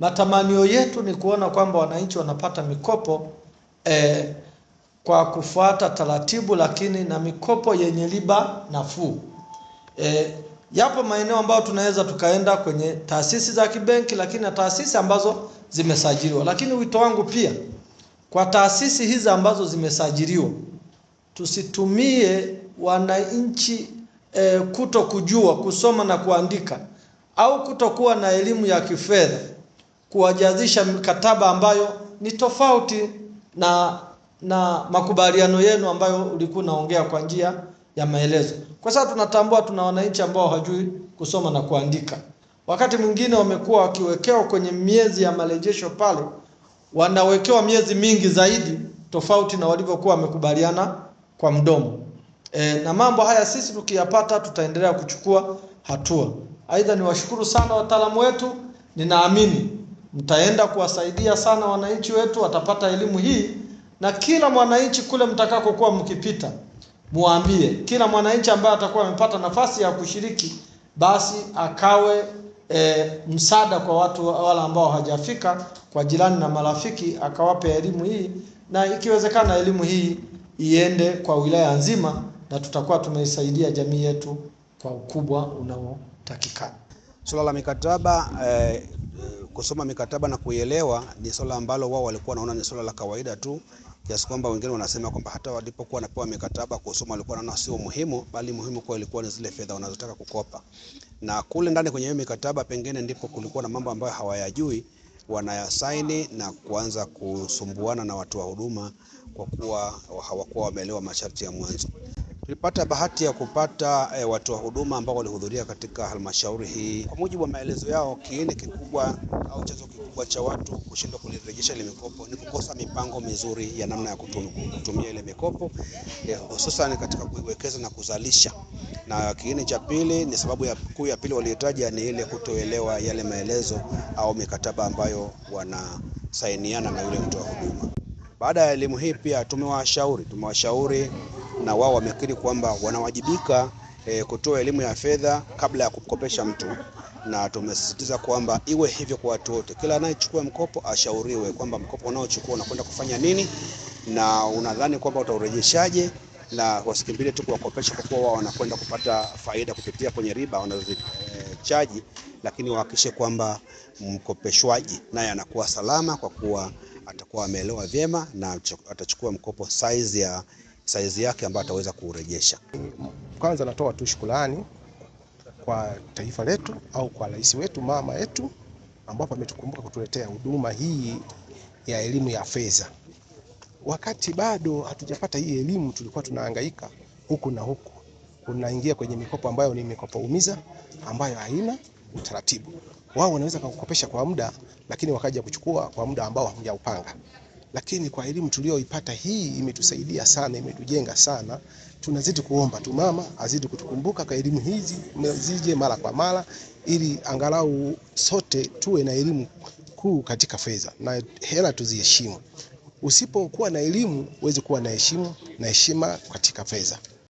Matamanio yetu ni kuona kwamba wananchi wanapata mikopo eh, kwa kufuata taratibu, lakini na mikopo yenye riba nafuu. Eh, yapo maeneo ambayo tunaweza tukaenda kwenye taasisi za kibenki, lakini na taasisi ambazo zimesajiliwa. Lakini wito wangu pia kwa taasisi hizi ambazo zimesajiliwa, tusitumie wananchi e, kuto kujua kusoma na kuandika au kutokuwa na elimu ya kifedha kuwajazisha mkataba ambayo ni tofauti na na makubaliano yenu ambayo ulikuwa unaongea kwa njia ya maelezo. Kwa sababu tunatambua tuna wananchi ambao hawajui kusoma na kuandika. Wakati mwingine wamekuwa wakiwekewa kwenye miezi ya marejesho pale, wanawekewa miezi mingi zaidi tofauti na walivyokuwa wamekubaliana kwa mdomo. E, na mambo haya sisi tukiyapata tutaendelea kuchukua hatua. Aidha, niwashukuru sana wataalamu wetu, ninaamini mtaenda kuwasaidia sana wananchi wetu, watapata elimu hii, na kila mwananchi kule mtakakokuwa mkipita, muambie kila mwananchi ambaye atakuwa amepata nafasi ya kushiriki, basi akawe e, msaada kwa watu wale ambao hawajafika, kwa jirani na marafiki, akawape elimu hii, na ikiwezekana elimu hii iende kwa wilaya nzima, na tutakuwa tumeisaidia jamii yetu kwa ukubwa unaotakikana. Suala la mikataba eh, kusoma mikataba na kuielewa ni swala ambalo wao walikuwa wanaona ni swala la kawaida tu, kiasi kwamba wengine wanasema kwamba hata walipokuwa wanapewa mikataba kusoma walikuwa wanaona sio muhimu, bali muhimu kwa ilikuwa ni zile fedha wanazotaka kukopa. Na kule ndani kwenye hiyo mikataba pengine ndipo kulikuwa na mambo ambayo hawayajui, wanayasaini na kuanza kusumbuana na watu wa huduma kwa kuwa hawakuwa wameelewa masharti ya mwanzo. Tulipata bahati ya kupata e, eh, wa huduma ambao walihudhuria katika halmashauri hii. Kwa mujibu wa maelezo yao, kiini kikubwa au chanzo kikubwa cha watu kushindwa kulirejesha ile mikopo ni kukosa mipango mizuri ya namna ya kutumia ile mikopo e, hususan katika kuiwekeza na kuzalisha, na kiini cha pili ni sababu ya kuu ya pili waliotaja ni ile kutoelewa yale maelezo au mikataba ambayo wanasainiana na yule wa huduma. Baada ya elimu hii pia tumewashauri tumewashauri na wao wamekiri kwamba wanawajibika e, kutoa elimu ya fedha kabla ya kumkopesha mtu, na tumesisitiza kwamba iwe hivyo kwa watu wote. Kila anayechukua mkopo ashauriwe kwamba mkopo unaochukua unakwenda kufanya nini na unadhani kwamba utaurejeshaje, na wasikimbilie tu kuwakopesha kwa kuwa wao wanakwenda kupata faida kupitia kwenye riba wanazochaji e, lakini wahakikishe kwamba mkopeshwaji naye anakuwa salama kwa kuwa atakuwa ameelewa vyema na atachukua mkopo size ya saizi yake ambayo ataweza kuurejesha. Kwanza natoa tu shukrani kwa taifa letu au kwa rais wetu mama yetu, ambapo ametukumbuka kutuletea huduma hii ya elimu ya fedha. Wakati bado hatujapata hii elimu, tulikuwa tunahangaika huku na huku, unaingia kwenye mikopo ambayo ni mikopo umiza ambayo haina utaratibu. Wao wanaweza kukopesha kwa muda, lakini wakaja kuchukua kwa muda ambao hamjaupanga lakini kwa elimu tuliyoipata hii imetusaidia sana, imetujenga sana. Tunazidi kuomba tu mama azidi kutukumbuka kwa elimu hizi, zije mara kwa mara, ili angalau sote tuwe na elimu kuu katika fedha na hela tuziheshimu. Usipokuwa na elimu huwezi kuwa na heshima na heshima katika fedha.